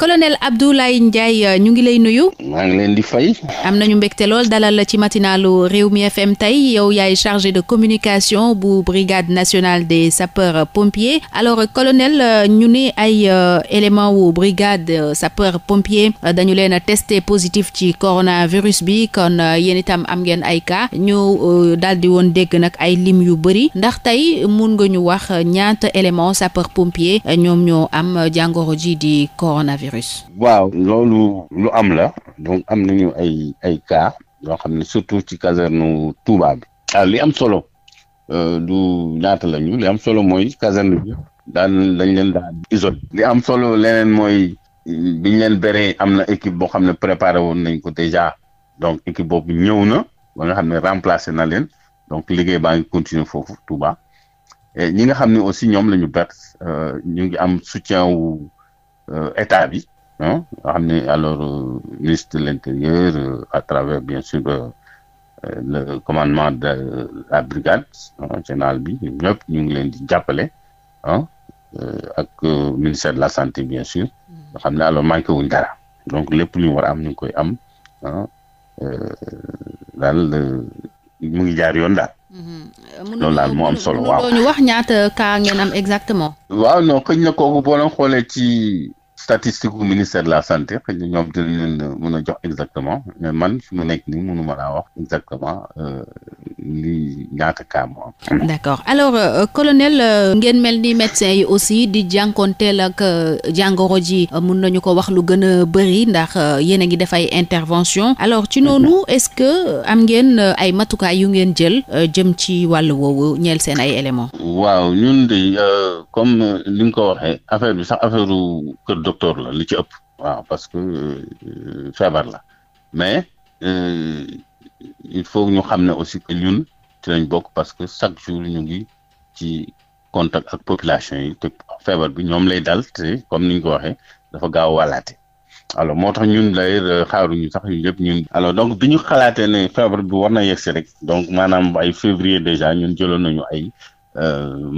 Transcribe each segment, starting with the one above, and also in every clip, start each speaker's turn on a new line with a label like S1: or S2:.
S1: colonel Abdoulaye Ndiaye euh, ñu ngi lay nuyu.
S2: maa ngi leen di fay.
S1: am nañu mbégte lool dalal la ci matinalu Rewmi FM tey yow yaay chargé de communication bu brigade nationale des sapeurs pompiers alors euh, colonel euh, ñu ne ay élément wu brigade sapeurs pompiers dañu leen a testé positif ci coronavirus bi kon yéen itam am ngeen ay cas ñu daal di woon dégg nag ay lim yu bëri ndax tey mun nga ñu wax ñaata élément sapeurs pompiers ñoom ñoo am jàngoro ji di coronavirus. coronavirus.
S2: waaw loolu lu am la donc am nañu ay ay cas yoo xam ne surtout ci caserne Touba bi. ah li am solo euh, du ñaata lañu li am solo mooy caserne bi daan dañ leen daan isolé. li am solo leneen mooy biñ leen béré am na équipe boo xam ne préparé woon nañ ko déjà donc équipe boobu ñëw na ba nga xam ne remplacé na leen donc liggéey baa ngi continuer foofu Touba. ñi nga xam ne aussi ñoom lañu ñu perte euh, ñu ngi am soutien wu Euh, état bi ah xam ne alors euh, ministre de l'intérieur euh, à travers bien sûr le commandement de la brigade générale bi ñoom ñu ngi leen di jàppale ah ak ministère de la santé bien sûr nga xam ne alors manqué wuñ dara donc lépp lu ñu war a am ñu ngi koy am ah daal mu ngi jaar yoon daal. loolu daal moo am solo waaw ñu
S1: wax ñaata kaa ngeen am exactement.
S2: waaw këñ la ko kooku boo leen xoolee ci. statistique bu ministère de la santé xëy na ñoom dinañ leen mën a jox exactement mais man fi mu nekk nii mënu ma laa wax exactement euh, li ñaata cas moo
S1: am. d'accord alors euh, euh, ngeen mel ni médecin yi aussi di jànkonteel ak euh, jàngoro ji mun nañu ko wax lu gën a bëri ndax yéen a ngi def ay intervention alors ci noonu mhm. est-ce que am ngeen ay matukaay yu ngeen jël jëm ci wàll woowu ñeel seen ay éléments. waaw
S2: ñun de comme ni nga ko waxee affaire bi sax affaire kër docteur la lu ci ëpp waaw parce que euh, feebar la mais euh, il faut ñu xam ne aussi que ñun ci lañ bokk parce que chaque jour ñu ngi ci contact ak population yi te feebar bi ñoom lay dal te comme ni ñu ko waxee dafa gaaw a wàllaate moo tax ñun lay euh, ñu sax ñun yëpp ñun. alors donc bi ñu xalaatee ne feebar bi war na yegsi rek donc maanaam ay février déjà ñun jëloon nañu ay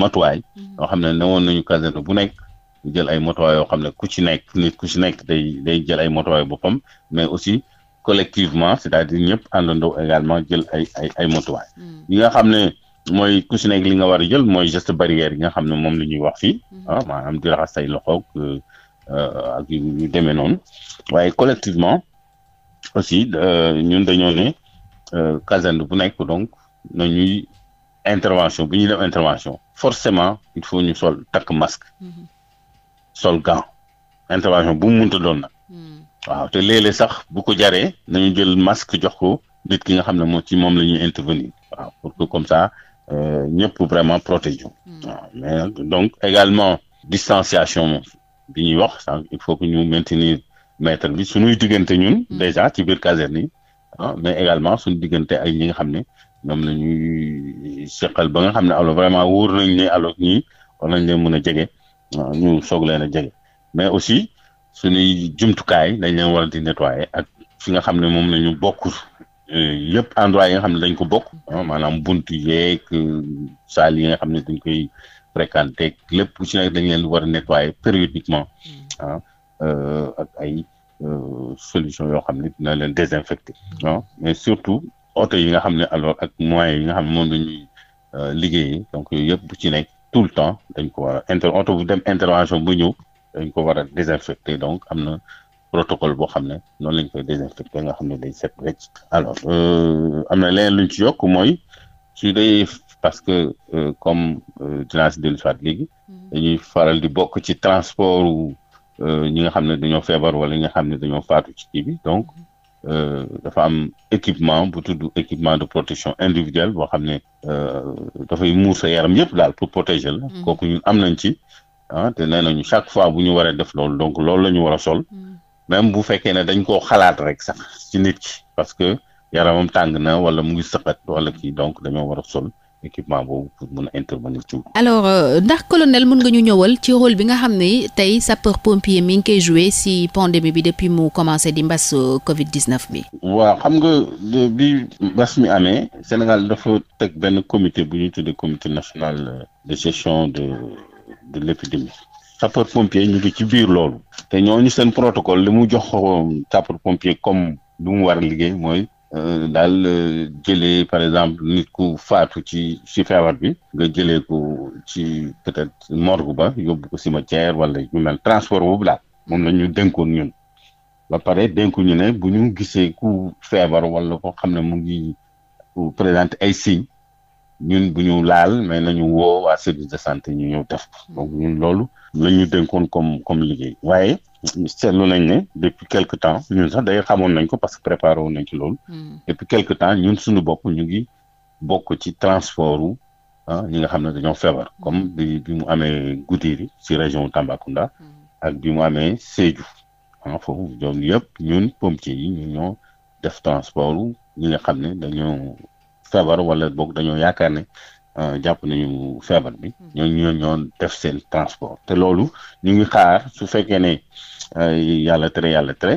S2: matuwaay. Mm-hmm. yoo xam ne ne nañu caserne bu nekk jël ay motuwaay yoo xam ne ku ci nekk nit ku ci nekk day day jël ay motuwaay boppam mais aussi collectivement c'est-à-dire ñëpp àndandoo également jël ay ay ay motuwaay mm. yi nga xam ne mooy ku ci nekk li nga war a jël mooy gest barrière yi nga xam ne moom la ñuy wax fii mm-hmm. ah maanaam di raxas say loxo ak euh, yu demee noonu waaye collectivement aussi euh, ñun dañoo ne euh, caserne bu nekk donc na ñuy intervention bu ñuy def intervention forcément il faut ñu sol takk masque mm-hmm. sol gant intervention bu mu munta doon nag hmm. waaw te léeg sax bu ko jaree nañu jël masque jox ko nit ki nga xam ne moo ci moom la ñuy intervenir waaw pour que comme ça euh, ñëpp vraiment protéger hmm. waaw mais donc également distanciation moom bi ñuy wax il faut que ñu maintenir mètre bi suñuy diggante ñun hmm. déjà ci biir caserne yi ah, mais également suñu diggante ak ñi nga xam ne ñoom la ñuy seqal ba nga xam ne alors vraiment wóor nañ ne alors ñii war nañ leen mën a jege waaw ñu soog leen a jege mais aussi sunuy jumtukaay dañ leen war di nettoyer ak fi nga xam ne moom la ñu bokk euh, yëpp endroit yi nga xam ne dañ ko bokk ah, maanaam bunt yeeg euh, salle yi nga xam ne dañ koy fréquenter lépp ci nekk dañ leen war a nettoyer périodiquement mm. ah euh, ak ay solution yoo xam ne dina leen désinfecter non ah. mais surtout oto yi nga xam ne alors ak moyens yi nga xam ne moom la ñuy liggéeyee donc yooyu yëpp bu ci nekk tout le temps dañ ko war a inter dem intervention bu ñëw dañ ko war a désinfecter donc am na protocole boo xam ne noonu lañ koy désinfecter nga xam ne day set wecc alors euh, am na leneen luñ ci yokk mooy su dee parce que euh, comme euh, dinaa si dellu soit léegi mhm. dañuy faral di bokk ci transport ñi nga xam ne dañoo feebar wala ñi nga xam ne dañoo faatu ci kii bi donc. Mhm. Euh, dafa am équipement bu tudd équipement de protection individuelle boo xam ne euh, dafay muur sa yaram yëpp daal pour protéger la. Mm-hmm. kooku ñun am nañ ci ah te nee nañu chaque fois bu ñu waree def loolu donc loolu la ñu war a sol. Mm-hmm. même bu fekkee ne dañ koo xalaat rek sax ci nit ki parce que yaramam tàng na wala mu ngi sëqat wala kii donc dañoo war a sol. équipement boobu pour mun a intervenir ci.
S1: alors euh, ndax colonel mun nga ñu ñëwal ci rôle bi nga xam ne tey sapeur pompier mi ngi koy joué si pandémie bi depuis mu commencé di mbas euh, Covid 19 bi.
S2: waa xam nga bi mbas mi amee Sénégal dafa teg benn comité bu ñuy tuddee comité national euh, de gestion de de l'épidémie sapeur pompier ñu ngi ci biir loolu. te ñooñu seen protocole li mu jox sapeur pompier comme lu mu war a liggéey mooy. Euh, daal euh, jëlee par exemple nit ku faatu ci ci feebar bi nga jëlee ko ci peut-être morgue ba yóbbu ko cimetière wala ñu mel transport boobu daal moom la ñu dénkoon ñun ba pare dénku ñu ne bu ñu gisee ku feebar wala koo xam ne mu ngi présenter ay signes ñun bu ñu laal mais nañu woo waa service de santé ñu ñëw def ko ñun loolu la ñu dénkoon comme comme liggéey waaye. seetlu nañ ne depuis quelque temps ñun sax day xamoon nañ ko parce que préparé woon nañ ci loolu. Hmm. depuis quelque temps ñun suñu bopp ñu ngi bokk ci transport ah ñi nga xam ne dañoo feebar. Hmm. comme bi bi mu amee Goudiri ci région Tambacounda. Hmm. ak bi mu amee Sédhiou. ah foofu yëpp ñun pompiers yi ñu ñoo def transportu ñi nga xam ne dañoo feebar wala boog dañoo yaakaar ne Euh, jàpp nañu feebar bi hmm. ñoo ñoo ñoo def seen transport te loolu ñu ngi xaar su fekkee ne euh, yàlla tere yàlla tere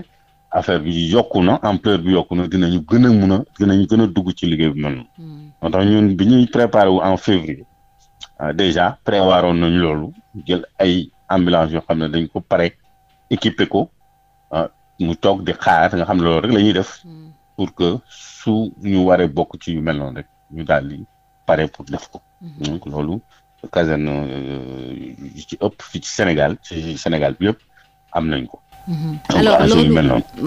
S2: affaire bi yokku na ampleur bi yokku na dinañu gën a mun a dinañu gën a dugg ci liggéey bi mel hmm. moo tax ñun bi ñuy préparé wu en février euh, déjà prévoiroon nañu loolu jël ay ambulance yoo xam ne dañ ko pare équipé ko mu toog di xaar nga xam ne loolu rek lañuy def hmm. pour que su ñu waree bokk ci yu mel noonu rek ñu daal di pare pour def ko. Mhm. donc loolu caserne euh, yi ci ëpp ci Sénégal ci Sénégal bi yëpp am nañ ko. Mhm.
S1: loolu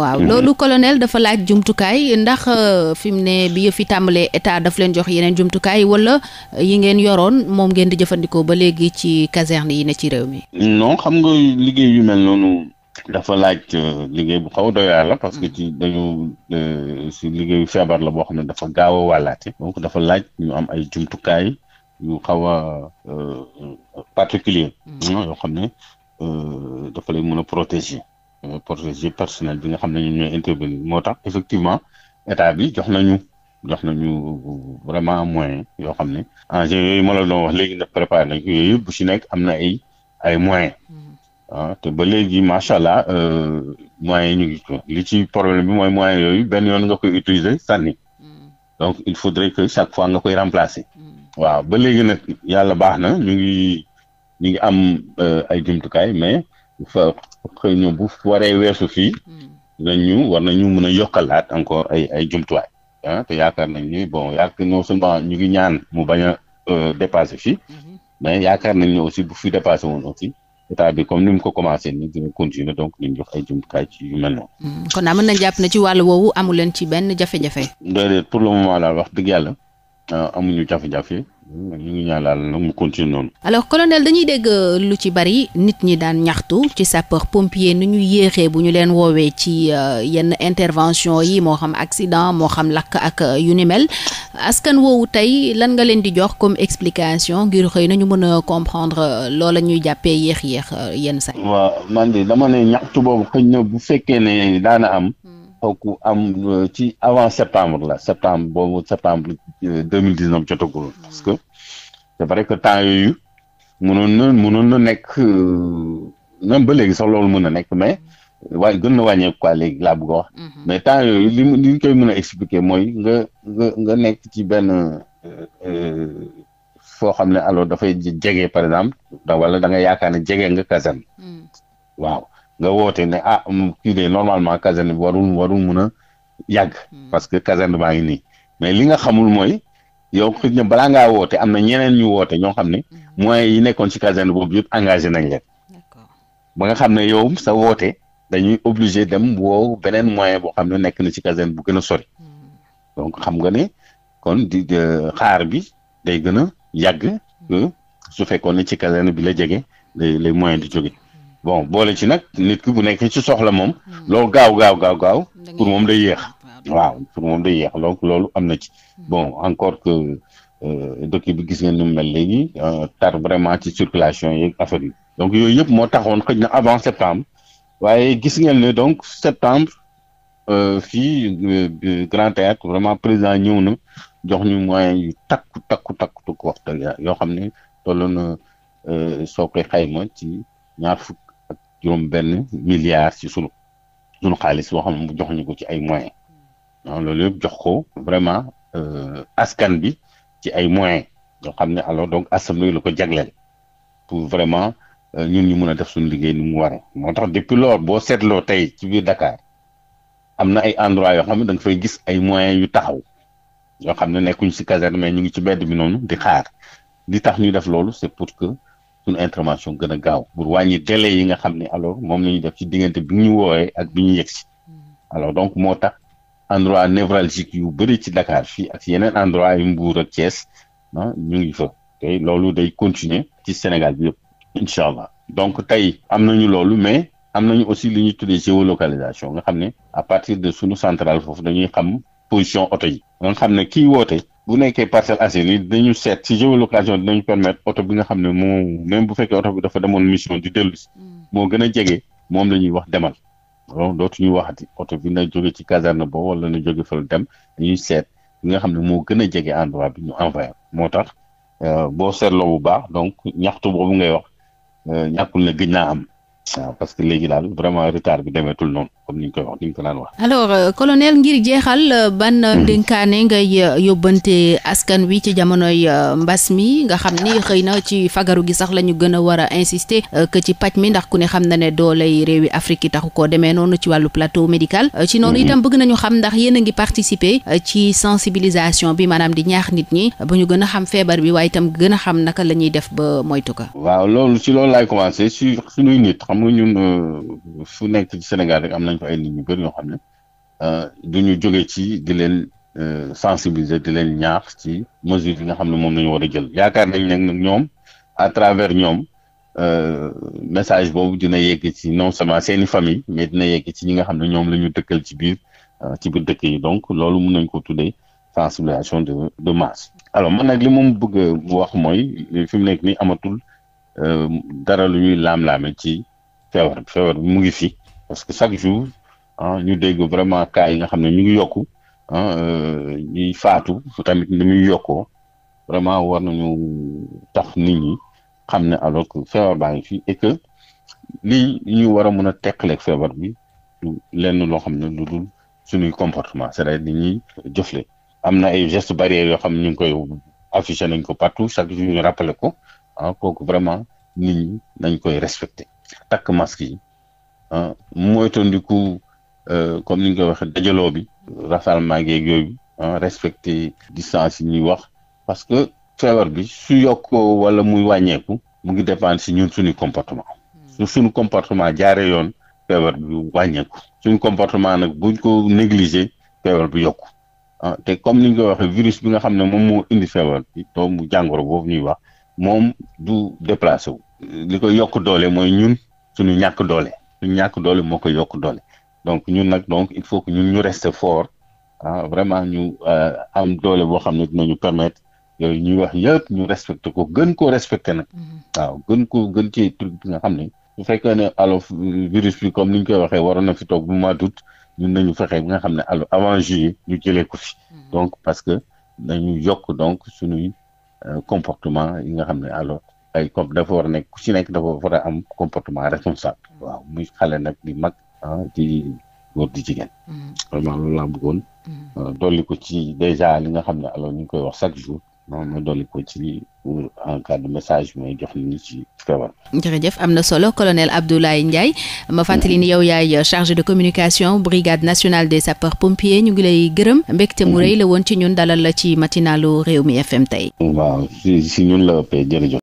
S1: waaw mhm. loolu colonel dafa laaj jumtukaay ndax euh, fi mu ne bi yëf yi tàmbalee état daf leen jox yeneen jumtukaay wala euh, yi ngeen yoroon moom ngeen di jëfandikoo ba léegi ci caserne yi ne ci réew mi.
S2: non xam nga liggéey yu mel noonu. dafa laaj euh, liggéey bu xaw a doy la parce que ci mm-hmm. dañu si euh, liggéeyu feebar la boo xam ne dafa gaaw a wàllaate donc dafa laaj ñu am ay jumtukaay yu xaw a euh, particulier mm-hmm. yoo xam ne dafa lay mën a protéger protéger personnel bi nga xam ne ñun ñooy intervenir moo tax effectivement état bi jox nañu jox nañu vraiment moyen yoo xam ne engins yooyu ma la doon wax léegi na préparé nañ ko yooyu yëpp bu si nekk am na ay ay moyens mm-hmm. ah te ba léegi macha allah euh, moyens yi ñu ngi li ci problème bi mooy moyens yooyu benn yoon nga koy utiliser sànni hmm. donc il faudrait que chaque fois nga koy remplacer hmm. waaw ba léegi nag yàlla baax na ñu ngi ñu ngi am euh, ay jumtukaay mais fa xëy na bu waree weesu fii hmm. ñu war ñu mun a yokkalaat encore ay jumtuwaay ah te yaakaar nañ ni bon yaakaar non seulement ñu ngi ñaan mu bañ a euh, dépasser fii mais yaakaar nañ ne aussi bu fi dépassé woon aussi état bi comme ni mu ko commencé ni dina continuer donc ñu jox ay jumtukaay ci yu mel noonu.
S1: Hmm. kon naa mën na jàpp ne ci wàll woowu amu leen ci benn jafe-jafe.
S2: déedéet pour le moment daal wax dëgg yàlla euh, amuñu jafe-jafe. ñu ngi ñaan daal nag mu continuer noonu.
S1: alors colonel dañuy dégg euh, lu ci bari nit ñi daan ñaxtu ci sapeur pompier ni ñu yéexee bu ñu leen woowee ci euh, yenn intervention yi moo xam accident moo xam lakk ak euh, yu ni askan woowu tey lan nga leen di jox comme explication ngir xëy na ñu mën a comprendre loola ñuy jàppee yéex yéex yenn saa yi.
S2: waaw man de dama ne ñaxtu boobu xëy na bu fekkee ne daana am. fooku am euh, ci avant septembre la septembre boobu septembre euh, deux mille dix neuf jotagul mm-hmm. parce que c'est vrai que temps yooyu mënoon na mënoon na nekk na euh, ba léegi sax loolu mën a nekk mais mm-hmm. waaye gën na wàññeeku quoi léegi laa bëgg mm-hmm. mais temps yooyu li li ñu koy mën a expliquer mooy nga nga nga nekk ci benn foo xam ne alors dafay jege par exemple wala da yaakaar ne jege nga caserne waaw nga woote ne ah um, kii de normalement caserne bi warul mun a yàgg hmm. parce que caserne baa ngi nii mais li nga xamul mooy yow xëy na balaa ngaa woote am na ñeneen ñu woote ñoo xam ne hmm. moyens yi nekkoon ci caserne boobu yëpp engagé nañ leen ba nga xam ne yow sa woote dañuy obliger dem woo beneen moyen boo xam ne nekk na ci caserne bu gën a sori hmm. donc xam nga ne kon di xaar bi day gën a yàgg su fekkoon ne ci caserne bi la jege le les moyens di jóge bon boole ci nag nit ki bu nekk ci soxla moom hmm. loo gaaw gaaw gaaw pour moom day yéex waaw pour moom day yéex donc loolu am na ci hmm. bon encore que euh, dëkk bi gis ngeen ni mu mel léegi euh, tar vraiment ci circulation yi affaire yi donc yooyu yëpp moo taxoon xëj na avant septembre waaye gis ngeen ne donc septembre euh, fii Grand Théâtre vraiment président ñëw na jox ñu moyens yu takku takku takku takku waxtaan yoo xam ne toll na soo koy xayma ci ñaar fukk juróom benn milliard ci sunu sunu xaalis boo xam ne mu joxuñu ko ci ay moyens donc loolu jox ko vraiment euh, askan bi ci ay moyens yoo xam ne alors donc astam assemblée la ko jagleel pour vraiment euh, ñun ñu mun a def suñu liggéey ni mu waree moo tax depuis lors boo seetloo tey ci biir Dakar am na ay endroits yoo xam ne da fay gis ay moyens yu taxaw yoo xam ne nekkuñ si caserne mais ñu ngi ci bedd bi noonu di xaar di tax ñuy def loolu c'est pour que suñu intervention gën a gaaw pour wàññi délai yi nga xam ne alors moom la ñuy def ci diggante bi ñu woowee ak bi ñu yegg si mm-hmm. alors donc moo tax endroit névralgique yu bëri ci ndakaar fii ak yeneen endroit yu Mbour ak Thiès ah ñu ngi fa loolu day continuer ci Sénégal bi yëpp incha allah donc tey am nañu loolu mais am nañu aussi li ñuy tuddee localisation nga xam ne à partir de sunu centrale foofu dañuy xam position oto yi nga xam ne kii woote bu nekkee Parcelles Assainies dañu seet si j'ai l'occasion dinañu permettre oto bi nga xam ne moo même bu fekkee oto bi dafa demoon mission di dellu si mm. moo gën a jege moom la ñuy wax demal bon wax di oto bi na jóge ci caserne boobu wala na jóge fa dem dañuy seet bi nga xam ne moo gën a jege endroit bi ñu envoyé moo tax euh, boo seetloo bu baax donc ñaxtu boobu ngay wax euh, ñàkkul na gëj naa am waaw parce que léegi daal vraiment retard bi demeetul noonu comme ni ñu koy wax ni ñu ko daan wax.
S1: alors euh, ngir jeexal euh, ban. Euh, hmm. dénkaane ngay euh, yóbbante askan wi ci jamonoy mbas mi nga xam ni xëy na ci fagaru gi sax la ñu gën a war a insister que ci paj mi ndax ku ne xam na ne dooley réewi Afrique yi taxu koo demee noonu ci wàllu plateau médical. ci noonu hmm. itam bëgg nañu xam ndax yéen a ngi participer ci sensibilisation bi maanaam di ñaax nit ñi bu ñu gën a xam feebar bi waaye itam gën a xam naka la ñuy def ba moytu
S2: nga ñun euh, fu nekk ci Sénégal rek am nañ ko ay nit ñu bëri ñoo xam ne euh, du ñu jóge ci di leen euh, sensibiliser di leen ñaax ci mesure yi nga xam ne moom la ñu a jël yaakaar nañ ne nag ñoom à travers ñoom message boobu dina yegg ci non seulement seeni famille mais dina yegg ci ñi nga xam ne ñoom la ñu dëkkal ci biir ci biir dëkk yi donc loolu mun nañ ko tuddee sensibilisation de de masse. alors man nag li moom bëgg wax mooy fi mu nekk nii amatul. dara lu ñuy laam-laame ci feebar feebar bi mu ngi fi parce que chaque jour ah ñu dégg vraiment cas yi nga xam ne ñu ngi yokku ah euh, ñuy faatu tamit ni muy yokkoo vraiment war nañu tax nit ñi xam ne alors que feebar baa ngi fi et que lii ñu war a mën a teqaleeg feebar bi du lenn loo xam ne lu dul suñuy comportement c'est-à-dire ni ñuy am na ay gestes barrières yoo xam ne ñu ngi koy affiché nañ ko partout chaque jour ñu rappelé ko ah kooku vraiment nit ñi nañ koy respecté takk masque yi ah euh, moytandiku euh, comme ni nga ko waxee dajaloo bi rassemblement geeg yooyu ah respecter distance yi ñuy wax parce que feebar bi su yokkoo wala muy wàññeeku mu ngi dépendre si ñun suñu comportement hmm. su suñu comportement jaaree yoon feebar bi wàññeeku suñ comportement nag buñ ko négliger feebar bi yokk ah te comme ni ñu ko waxee virus bi nga xam ne moom moo indi feebar bi mu jàngoro boobu ñuy wax moom du déplacé li koy yokk doole mooy ñun suñu ñàkk doole suñu ñàkk doole moo koy yokk doole donc ñun nag donc il faut que ñun ñu rester fort ah, vraiment ñu euh, am doole boo xam ne di dinañu permettre yooyu ñuy wax yëpp ñu respecté ko gën koo respecté nag mm-hmm. waaw gën ko gën ci truc nga xam ne bu fekkee ne alof virus bi comme ni ñu koy waxee waroon na fi toog bu mois d'août ñun nañu fexee bi nga xam ne alo avant juillet ñu jëlee ko fi mm-hmm. donc parce que nañu yokk donc suñuy euh, comportement yi nga xam ne alors ay comme dafa war a nekk ku ci nekk dafa war a am comportement responsable mm. waaw muy xale nag di mag ah di di jigéen mm. vraiment mm. euh, dolli ko ci déjà li nga xam ne alors ñu ngi koy wax chaque jour moom ma dolli ko ci pour en cas de message mooy jox nit ñi ci feebar.
S1: am na solo colonel Abdoulaye Ndiaye ma fàttali ni yow yaay chargé de communication brigade nationale des sapeurs pompiers ñu ngi lay gërëm. mbégte mu rëy la woon ci ñun dalal la ci matinalu réew mi